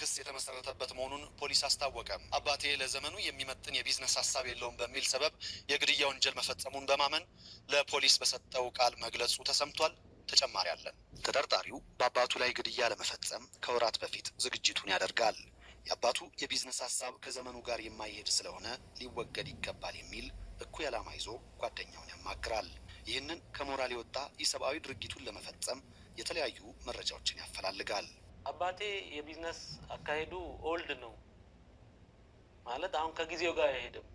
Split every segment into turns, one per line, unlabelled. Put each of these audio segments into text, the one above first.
ክስ የተመሰረተበት መሆኑን ፖሊስ አስታወቀ። አባቴ ለዘመኑ የሚመጥን የቢዝነስ ሀሳብ የለውም በሚል ሰበብ የግድያ ወንጀል መፈጸሙን በማመን ለፖሊስ በሰጠው ቃል መግለጹ ተሰምቷል። ተጨማሪ አለን። ተጠርጣሪው በአባቱ ላይ ግድያ ለመፈጸም ከወራት በፊት ዝግጅቱን ያደርጋል። የአባቱ የቢዝነስ ሀሳብ ከዘመኑ ጋር የማይሄድ ስለሆነ ሊወገድ ይገባል የሚል እኩይ ዓላማ ይዞ ጓደኛውን ያማክራል። ይህንን ከሞራል የወጣ ኢሰብአዊ ድርጊቱን ለመፈጸም የተለያዩ መረጃዎችን ያፈላልጋል።
አባቴ የቢዝነስ አካሄዱ ኦልድ ነው ማለት አሁን ከጊዜው ጋር አይሄድም፣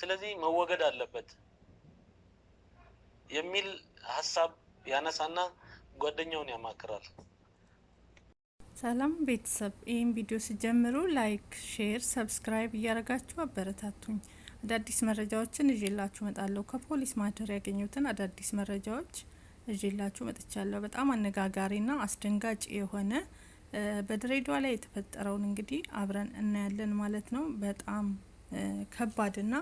ስለዚህ መወገድ አለበት የሚል ሀሳብ ያነሳና ጓደኛውን ያማክራል።
ሰላም ቤተሰብ፣ ይህን ቪዲዮ ሲጀምሩ ላይክ፣ ሼር፣ ሰብስክራይብ እያደረጋችሁ አበረታቱኝ። አዳዲስ መረጃዎችን እዤላችሁ መጣለሁ። ከፖሊስ ማደር ያገኙትን አዳዲስ መረጃዎች እዤላችሁ መጥቻለሁ። በጣም አነጋጋሪና አስደንጋጭ የሆነ በድሬዳዋ ላይ የተፈጠረውን እንግዲህ አብረን እናያለን ማለት ነው። በጣም ከባድ ና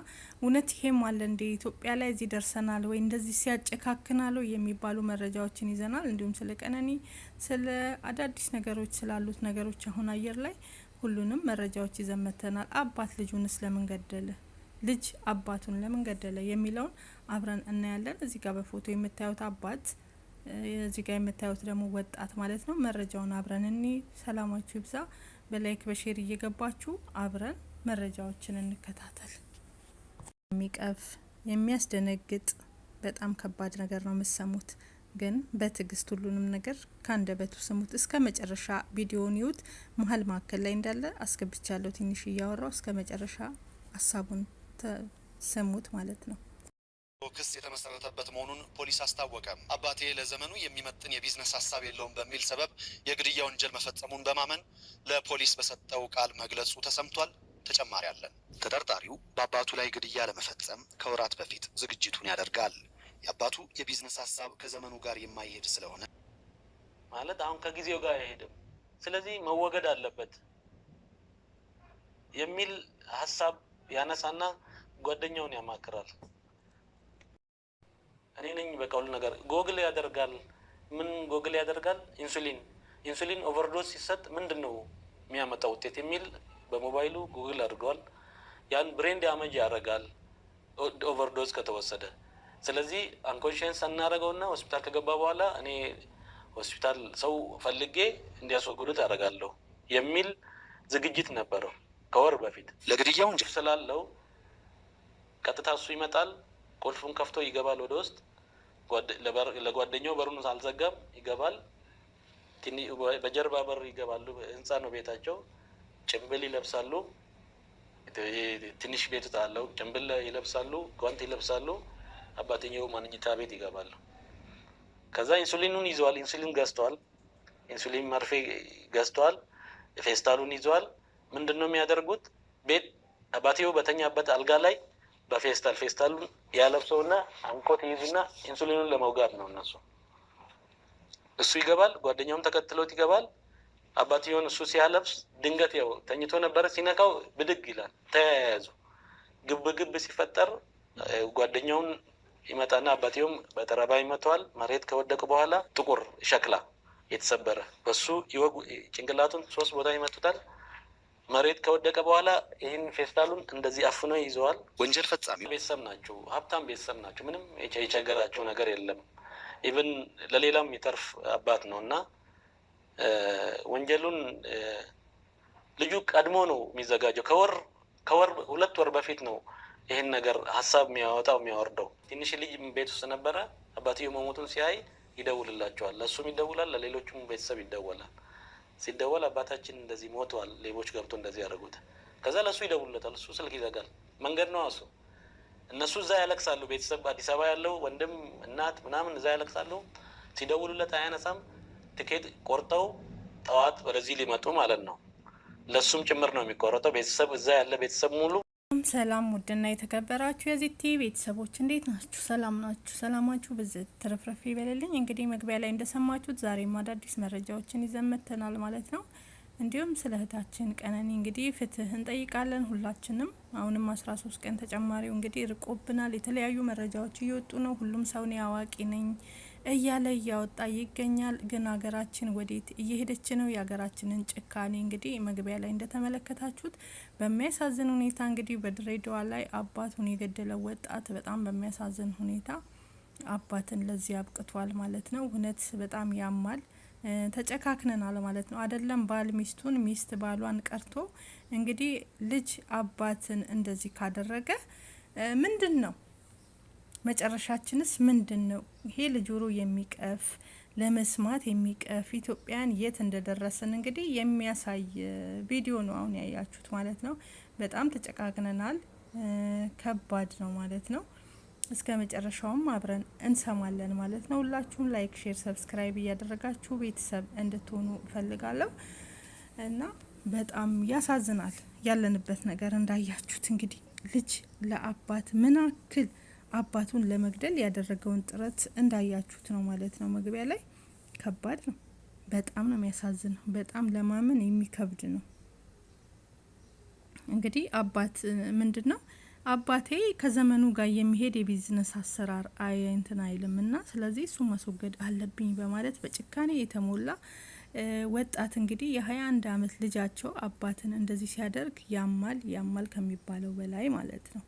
እውነት ይሄም አለ እንደ ኢትዮጵያ ላይ እዚህ ደርሰናል ወይ እንደዚህ ሲያጨካክናሉ የሚባሉ መረጃዎችን ይዘናል። እንዲሁም ስለ ቀነኒ፣ ስለ አዳዲስ ነገሮች ስላሉት ነገሮች አሁን አየር ላይ ሁሉንም መረጃዎች ይዘን መጥተናል። አባት ልጁንስ ለምን ገደለ? ልጅ አባቱን ለምን ገደለ የሚለውን አብረን እናያለን። እዚህ ጋር በፎቶ የምታዩት አባት እዚህ ጋር የምታዩት ደግሞ ወጣት ማለት ነው። መረጃውን አብረን እኒ ሰላማችሁ ይብዛ። በላይክ በሼር እየገባችሁ አብረን መረጃዎችን እንከታተል። የሚቀፍ የሚያስደነግጥ በጣም ከባድ ነገር ነው የምሰሙት፣ ግን በትዕግስት ሁሉንም ነገር ካንደበቱ ስሙት። እስከ መጨረሻ ቪዲዮውን ይዩት። መሀል መካከል ላይ እንዳለ አስገብቻለሁ። ትንሽ እያወራው እስከ መጨረሻ ሀሳቡን ስሙት ማለት ነው።
ክስ የተመሰረተበት መሆኑን ፖሊስ አስታወቀ። አባቴ ለዘመኑ የሚመጥን የቢዝነስ ሀሳብ የለውም በሚል ሰበብ የግድያ ወንጀል መፈጸሙን በማመን ለፖሊስ በሰጠው ቃል መግለጹ ተሰምቷል። ተጨማሪ አለን። ተጠርጣሪው በአባቱ ላይ ግድያ ለመፈጸም ከወራት በፊት ዝግጅቱን ያደርጋል። የአባቱ የቢዝነስ ሀሳብ ከዘመኑ ጋር የማይሄድ ስለሆነ
ማለት አሁን ከጊዜው ጋር አይሄድም፣ ስለዚህ መወገድ አለበት የሚል ሀሳብ ያነሳና ጓደኛውን ያማክራል። እኔ ነኝ በቃ ሁሉ ነገር ጎግል ያደርጋል። ምን ጎግል ያደርጋል? ኢንሱሊን ኢንሱሊን ኦቨርዶስ ሲሰጥ ምንድን ነው የሚያመጣ ውጤት የሚል በሞባይሉ ጉግል አድርገዋል። ያን ብሬን አመጅ ያደርጋል ኦቨርዶዝ ከተወሰደ። ስለዚህ አንኮንሽንስ እናደርገውና ሆስፒታል ከገባ በኋላ እኔ ሆስፒታል ሰው ፈልጌ እንዲያስወግዱት ያደርጋለሁ የሚል ዝግጅት ነበረው ከወር በፊት ለግድያው እንጂ ስላለው ቀጥታ እሱ ይመጣል። ቁልፉን ከፍቶ ይገባል ወደ ውስጥ። ለጓደኛው በሩን አልዘጋም፣ ይገባል። በጀርባ በር ይገባሉ። ህንፃ ነው ቤታቸው። ጭንብል ይለብሳሉ። ትንሽ ቤት አለው። ጭንብል ይለብሳሉ፣ ጓንት ይለብሳሉ። አባትኛው መኝታ ቤት ይገባሉ። ከዛ ኢንሱሊኑን ይዘዋል። ኢንሱሊን ገዝተዋል። ኢንሱሊን መርፌ ገዝተዋል። ፌስታሉን ይዘዋል። ምንድን ነው የሚያደርጉት? ቤት አባትየው በተኛበት አልጋ ላይ በፌስታል ፌስታሉን ያለብሰውና አንቆት ይዙና ኢንሱሊኑን ለመውጋት ነው እነሱ። እሱ ይገባል፣ ጓደኛውም ተከትሎት ይገባል። አባትዮን እሱ ሲያለብስ ድንገት ያው ተኝቶ ነበረ፣ ሲነካው ብድግ ይላል። ተያያዙ። ግብ ግብ ሲፈጠር ጓደኛውን ይመጣና አባትየውም በጠረባ ይመተዋል። መሬት ከወደቁ በኋላ ጥቁር ሸክላ የተሰበረ በሱ ጭንቅላቱን ሶስት ቦታ ይመቱታል። መሬት ከወደቀ በኋላ ይህን ፌስታሉን እንደዚህ አፍኖ ይዘዋል። ወንጀል ፈጻሚ ቤተሰብ ናቸው፣ ሀብታም ቤተሰብ ናቸው። ምንም የቸገራቸው ነገር የለም። ኢብን ለሌላም የሚተርፍ አባት ነው እና ወንጀሉን ልጁ ቀድሞ ነው የሚዘጋጀው። ከወር ከወር ሁለት ወር በፊት ነው ይህን ነገር ሀሳብ የሚያወጣው የሚያወርደው። ትንሽ ልጅ ቤት ውስጥ ነበረ። አባትየው መሞቱን ሲያይ ይደውልላቸዋል። ለእሱም ይደውላል፣ ለሌሎቹም ቤተሰብ ይደወላል። ሲደወል አባታችን እንደዚህ ሞተዋል፣ ሌቦች ገብቶ እንደዚህ ያደርጉት። ከዛ ለእሱ ይደውሉለታል፣ እሱ ስልክ ይዘጋል። መንገድ ነው እሱ። እነሱ እዛ ያለቅሳሉ። ቤተሰብ አዲስ አበባ ያለው ወንድም እናት ምናምን እዛ ያለቅሳሉ። ሲደውሉለት አያነሳም። ትኬት ቆርጠው ጠዋት ወደዚህ ሊመጡ ማለት ነው። ለእሱም ጭምር ነው የሚቆረጠው። ቤተሰብ እዛ ያለ ቤተሰብ ሙሉ
ሰላም ውድና የተከበራችሁ የዚህ ቤተሰቦች እንዴት ናችሁ? ሰላም ናችሁ? ሰላማችሁ ብዝት ትርፍርፍ ይበልልኝ። እንግዲህ መግቢያ ላይ እንደሰማችሁት ዛሬም አዳዲስ መረጃዎችን ይዘን ማለት ነው። እንዲሁም ስለ እህታችን ቀነኒ እንግዲህ ፍትህ እንጠይቃለን ሁላችንም። አሁንም አስራ ሶስት ቀን ተጨማሪው እንግዲህ ርቆብናል። የተለያዩ መረጃዎች እየወጡ ነው። ሁሉም ሰው እኔ አዋቂ ነኝ እያለ እያወጣ ይገኛል። ግን ሀገራችን ወዴት እየሄደች ነው? የሀገራችንን ጭካኔ እንግዲህ መግቢያ ላይ እንደተመለከታችሁት በሚያሳዝን ሁኔታ እንግዲህ በድሬዳዋ ላይ አባቱን የገደለው ወጣት በጣም በሚያሳዝን ሁኔታ አባትን ለዚህ አብቅቷል ማለት ነው። እውነት በጣም ያማል። ተጨካክነናል ማለት ነው። አይደለም ባል ሚስቱን፣ ሚስት ባሏን ቀርቶ እንግዲህ ልጅ አባትን እንደዚህ ካደረገ ምንድን ነው መጨረሻችንስ ምንድን ነው? ይሄ ለጆሮ የሚቀፍ ለመስማት የሚቀፍ ኢትዮጵያን የት እንደደረስን እንግዲህ የሚያሳይ ቪዲዮ ነው አሁን ያያችሁት ማለት ነው። በጣም ተጨቃግነናል። ከባድ ነው ማለት ነው። እስከ መጨረሻውም አብረን እንሰማለን ማለት ነው። ሁላችሁም ላይክ፣ ሼር፣ ሰብስክራይብ እያደረጋችሁ ቤተሰብ እንድትሆኑ እፈልጋለሁ እና በጣም ያሳዝናል ያለንበት ነገር እንዳያችሁት እንግዲህ ልጅ ለአባት ምናክል አባቱን ለመግደል ያደረገውን ጥረት እንዳያችሁት ነው ማለት ነው። መግቢያ ላይ ከባድ ነው። በጣም ነው የሚያሳዝነው። በጣም ለማመን የሚከብድ ነው። እንግዲህ አባት ምንድን ነው አባቴ ከዘመኑ ጋር የሚሄድ የቢዝነስ አሰራር አይንትን አይልም እና ስለዚህ እሱ ማስወገድ አለብኝ በማለት በጭካኔ የተሞላ ወጣት እንግዲህ የሀያ አንድ አመት ልጃቸው አባትን እንደዚህ ሲያደርግ ያማል ያማል ከሚባለው በላይ ማለት ነው።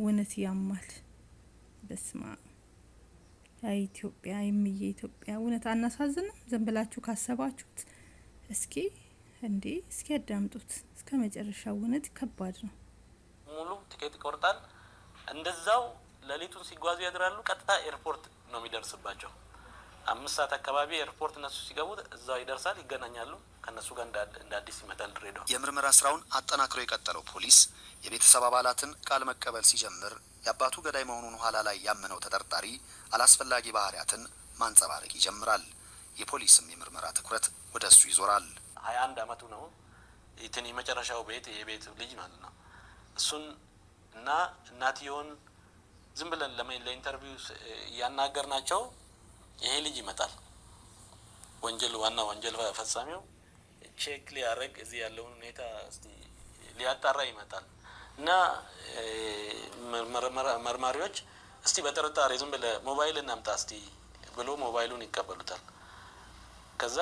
እውነት ያማል። በስማ ኢትዮጵያ የምዬ ኢትዮጵያ እውነት አናሳዝንም? ዝም ብላችሁ ካሰባችሁት እስኪ እንዴ እስኪ ያዳምጡት እስከ መጨረሻ። እውነት ከባድ ነው።
ሙሉ ቲኬት ይቆርጣል። እንደዛው ሌሊቱን ሲጓዙ ያድራሉ። ቀጥታ ኤርፖርት ነው የሚደርስባቸው። አምስት ሰዓት አካባቢ ኤርፖርት እነሱ ሲገቡት እዛው ይደርሳል። ይገናኛሉ። ከእነሱ ጋር እንደ አዲስ ይመጣል ድሬዳዋ።
የምርመራ ስራውን አጠናክሮ የቀጠለው ፖሊስ የቤተሰብ አባላትን ቃል መቀበል ሲጀምር የአባቱ ገዳይ መሆኑን ኋላ ላይ ያመነው ተጠርጣሪ አላስፈላጊ ባህሪያትን ማንጸባረቅ ይጀምራል። የፖሊስም የምርመራ ትኩረት ወደ እሱ ይዞራል።
ሀያ አንድ አመቱ ነው። ይትን የመጨረሻው ቤት የቤት ልጅ ማለት ነው። እሱን እና እናትየውን ዝም ብለን ለኢንተርቪው እያናገር ናቸው። ይሄ ልጅ ይመጣል። ወንጀል ዋና ወንጀል ፈጻሚው ቼክ ሊያደርግ እዚህ ያለውን ሁኔታ ሊያጣራ ይመጣል። እና መርማሪዎች እስቲ በጥርጣሬ ዝም ብለህ ሞባይል እናምጣ እስቲ ብሎ ሞባይሉን ይቀበሉታል። ከዛ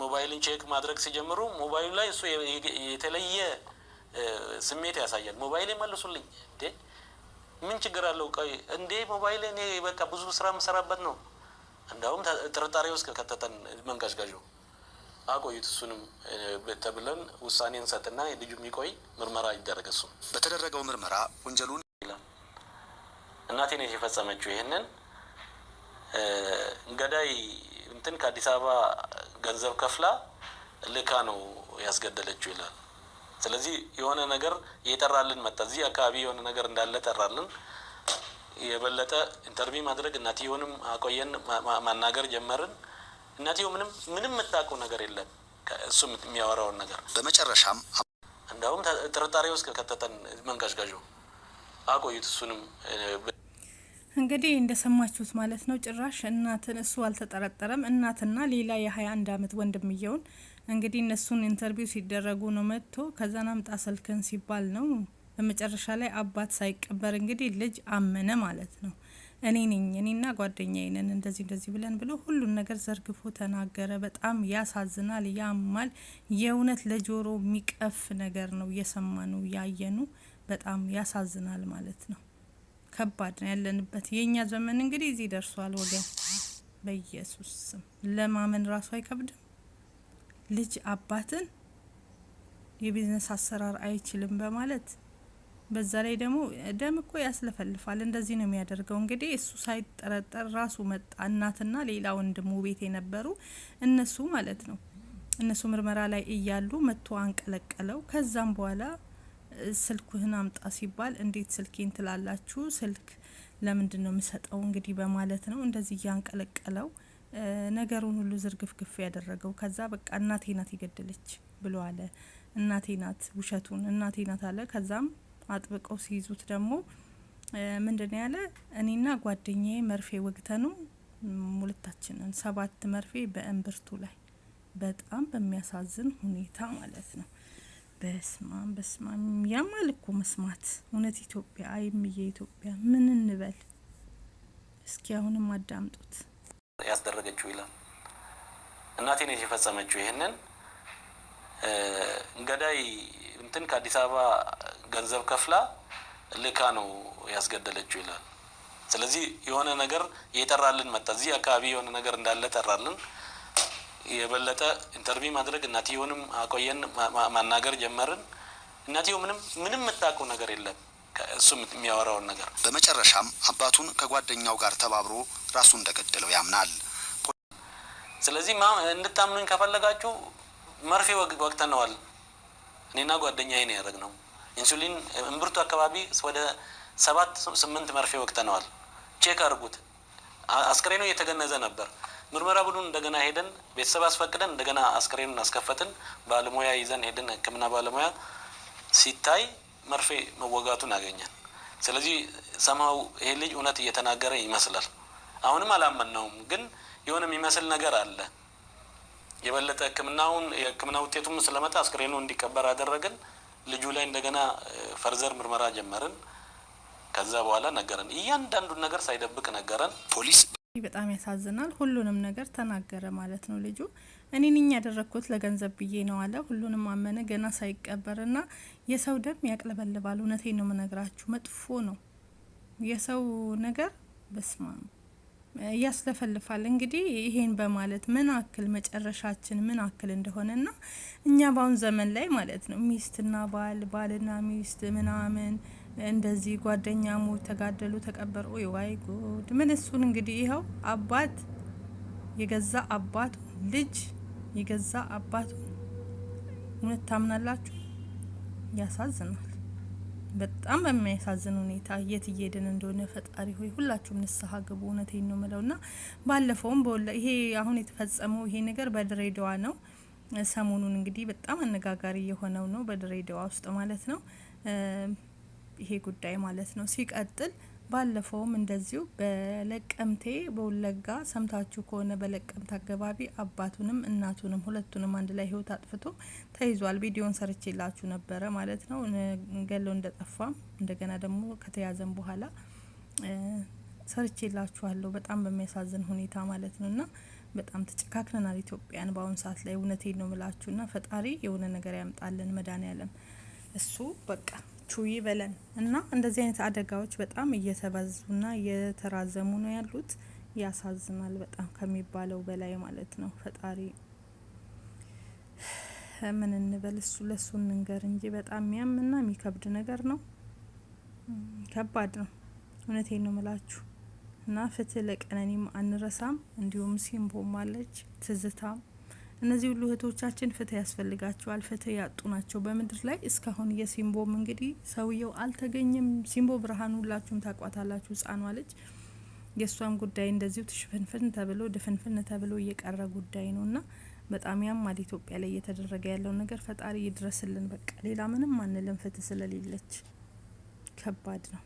ሞባይልን ቼክ ማድረግ ሲጀምሩ ሞባይሉ ላይ እሱ የተለየ ስሜት ያሳያል። ሞባይል መልሱልኝ እንዴ ምን ችግር አለው? ቆይ እንዴ ሞባይል እኔ በቃ ብዙ ስራ የምሰራበት ነው። እንደውም ጥርጣሬ ውስጥ ከተተን መንጋሽጋዥ አቆዩት እሱንም ተብለን ውሳኔ እንሰጥና ልጁ የሚቆይ ምርመራ ይደረግ። እሱም
በተደረገው ምርመራ ወንጀሉን ይላል
እናቴ ነች የፈጸመችው። ይህንን ገዳይ እንትን ከአዲስ አበባ ገንዘብ ከፍላ ልካ ነው ያስገደለችው ይላል። ስለዚህ የሆነ ነገር እየጠራልን መጣ። እዚህ አካባቢ የሆነ ነገር እንዳለ ጠራልን። የበለጠ ኢንተርቪ ማድረግ እናትየውንም አቆየን፣ ማናገር ጀመርን። እናትየው ምንም ምንም የምታውቀው ነገር የለም እሱ የሚያወራውን ነገር።
በመጨረሻም
እንደውም ጥርጣሬ ውስጥ ከተተን መንጋሽጋዥ አቆዩት። እሱንም
እንግዲህ እንደሰማችሁት ማለት ነው። ጭራሽ እናትን እሱ አልተጠረጠረም። እናትና ሌላ የሀያ አንድ አመት ወንድምየውን እንግዲህ እነሱን ኢንተርቪው ሲደረጉ ነው መጥቶ ከዛን አምጣ ስልክን ሲባል ነው በመጨረሻ ላይ አባት ሳይቀበር እንግዲህ ልጅ አመነ ማለት ነው። እኔ ነኝ እኔና ጓደኛዬ ነን እንደዚህ እንደዚህ ብለን ብሎ ሁሉን ነገር ዘርግፎ ተናገረ። በጣም ያሳዝናል፣ ያማል። የእውነት ለጆሮ የሚቀፍ ነገር ነው እየሰማኑ ያየኑ። በጣም ያሳዝናል ማለት ነው። ከባድ ነው ያለንበት። የእኛ ዘመን እንግዲህ እዚህ ደርሷል ወገን። በኢየሱስ ስም ለማመን ራሱ አይከብድም። ልጅ አባትን የቢዝነስ አሰራር አይችልም በማለት በዛ ላይ ደግሞ ደም እኮ ያስለፈልፋል። እንደዚህ ነው የሚያደርገው። እንግዲህ እሱ ሳይጠረጠር ራሱ መጣ። እናትና ሌላ ወንድሙ ቤት የነበሩ እነሱ ማለት ነው። እነሱ ምርመራ ላይ እያሉ መጥቶ አንቀለቀለው። ከዛም በኋላ ስልኩህን አምጣ ሲባል እንዴት ስልኬን ትላላችሁ? ስልክ ለምንድን ነው የምሰጠው? እንግዲህ በማለት ነው እንደዚህ እያንቀለቀለው ነገሩን ሁሉ ዝርግፍግፍ ያደረገው። ከዛ በቃ እናቴ ናት የገደለች ብሎ አለ። እናቴ ናት ውሸቱን እናቴ ናት አለ። ከዛም አጥብቀው ሲይዙት ደግሞ ምንድን ያለ እኔና ጓደኛዬ መርፌ ወግተኑ ሙልታችንን ሰባት መርፌ በእምብርቱ ላይ በጣም በሚያሳዝን ሁኔታ ማለት ነው። በስማም በስማም ያማልኩ መስማት እውነት ኢትዮጵያ አይምየ ኢትዮጵያ ምን እንበል እስኪ አሁንም አዳምጡት።
ያስደረገችው ይላል እናቴ ነች የፈጸመችው ይህንን ገዳይ እንትን ከአዲስ አበባ ገንዘብ ከፍላ ልካ ነው ያስገደለችው ይላል። ስለዚህ የሆነ ነገር እየጠራልን መጣ። እዚህ አካባቢ የሆነ ነገር እንዳለ ጠራልን። የበለጠ ኢንተርቪ ማድረግ እናትየውንም አቆየን፣ ማናገር ጀመርን። እናትየው ምንም ምንም የምታውቀው ነገር የለም እሱ የሚያወራውን ነገር።
በመጨረሻም አባቱን ከጓደኛው ጋር ተባብሮ ራሱ እንደገደለው ያምናል።
ስለዚህ እንድታምኑኝ ከፈለጋችሁ መርፌ ወቅተነዋል። እኔና ጓደኛዬ ነው ያደረግነው። ኢንሱሊን እምብርቱ አካባቢ ወደ ሰባት ስምንት መርፌ ወቅተነዋል። ቼክ አድርጉት። አስክሬኑ እየተገነዘ ነበር። ምርመራ ቡድን እንደገና ሄደን ቤተሰብ አስፈቅደን እንደገና አስክሬኑን አስከፈትን። ባለሙያ ይዘን ሄደን ሕክምና ባለሙያ ሲታይ መርፌ መወጋቱን አገኘን። ስለዚህ ሰማው ይሄ ልጅ እውነት እየተናገረ ይመስላል። አሁንም አላመናውም፣ ግን የሆነ የሚመስል ነገር አለ። የበለጠ ሕክምናውን የሕክምና ውጤቱም ስለመጣ አስክሬኑ እንዲቀበር አደረግን። ልጁ ላይ እንደገና ፈርዘር ምርመራ ጀመርን። ከዛ በኋላ ነገረን፣ እያንዳንዱን ነገር ሳይደብቅ ነገረን። ፖሊስ
በጣም ያሳዝናል። ሁሉንም ነገር ተናገረ ማለት ነው። ልጁ እኔንኝ ያደረግኩት ለገንዘብ ብዬ ነው አለ። ሁሉንም አመነ ገና ና የሰው ደም ያቅለበልባል። እውነቴ ነው ምነግራችሁ መጥፎ ነው የሰው ነገር በስማ ያስለፈልፋል። እንግዲህ ይሄን በማለት ምን አክል መጨረሻችን ምን አክል እንደሆነና እኛ በአሁን ዘመን ላይ ማለት ነው ሚስትና ባል፣ ባልና ሚስት ምናምን እንደዚህ ጓደኛሞች ተጋደሉ፣ ተቀበሩ። ዋይ ጉድ! ምን እሱን እንግዲህ ይኸው አባት የገዛ አባቱ ልጅ የገዛ አባቱ እውነት ታምናላችሁ? ያሳዝናል። በጣም በሚያሳዝን ሁኔታ የት እየሄድን እንደሆነ ፈጣሪ ሆይ ሁላችሁም ንስሐ ግቡ። እውነቴን ነው ምለው ና ባለፈውም በወላ ይሄ አሁን የተፈጸመው ይሄ ነገር በድሬዳዋ ነው። ሰሞኑን እንግዲህ በጣም አነጋጋሪ የሆነው ነው በድሬዳዋ ውስጥ ማለት ነው ይሄ ጉዳይ ማለት ነው ሲቀጥል ባለፈውም እንደዚሁ በለቀምቴ በወለጋ ሰምታችሁ ከሆነ በለቀምት አካባቢ አባቱንም እናቱንም ሁለቱንም አንድ ላይ ህይወት አጥፍቶ ተይዟል። ቪዲዮን ሰርቼላችሁ ላችሁ ነበረ ማለት ነው። ገለው እንደጠፋም እንደገና ደግሞ ከተያዘም በኋላ ሰርቼላችኋለሁ በጣም በሚያሳዝን ሁኔታ ማለት ነው እና በጣም ተጨካክነናል ኢትዮጵያን በአሁኑ ሰዓት ላይ እውነቴን ነው ምላችሁ እና ፈጣሪ የሆነ ነገር ያምጣልን መድኃኔዓለም እሱ በቃ ቹይ ይበለን እና እንደዚህ አይነት አደጋዎች በጣም እየተበዙና እየተራዘሙ ነው ያሉት። ያሳዝናል በጣም ከሚባለው በላይ ማለት ነው። ፈጣሪ ምን እንበል እሱ ለሱ እንንገር እንጂ በጣም የሚያምና የሚከብድ ነገር ነው። ከባድ ነው። እውነቴን ነው ምላችሁ እና ፍትህ ለቀነኒም አንረሳም። እንዲሁም ሲምቦም አለች ትዝታም እነዚህ ሁሉ እህቶቻችን ፍትህ ያስፈልጋቸዋል። ፍትህ ያጡ ናቸው በምድር ላይ እስካሁን። የሲምቦም እንግዲህ ሰውየው አልተገኘም። ሲምቦ ብርሃኑ ሁላችሁም ታቋታላችሁ፣ ህጻኗ ልጅ። የእሷም ጉዳይ እንደዚሁ ትሽፍንፍን ተብሎ ድፍንፍን ተብሎ እየቀረ ጉዳይ ነው እና በጣም ያማል። ኢትዮጵያ ላይ እየተደረገ ያለው ነገር ፈጣሪ ይድረስልን። በቃ ሌላ ምንም አንልም፣ ፍትህ ስለሌለች ከባድ ነው።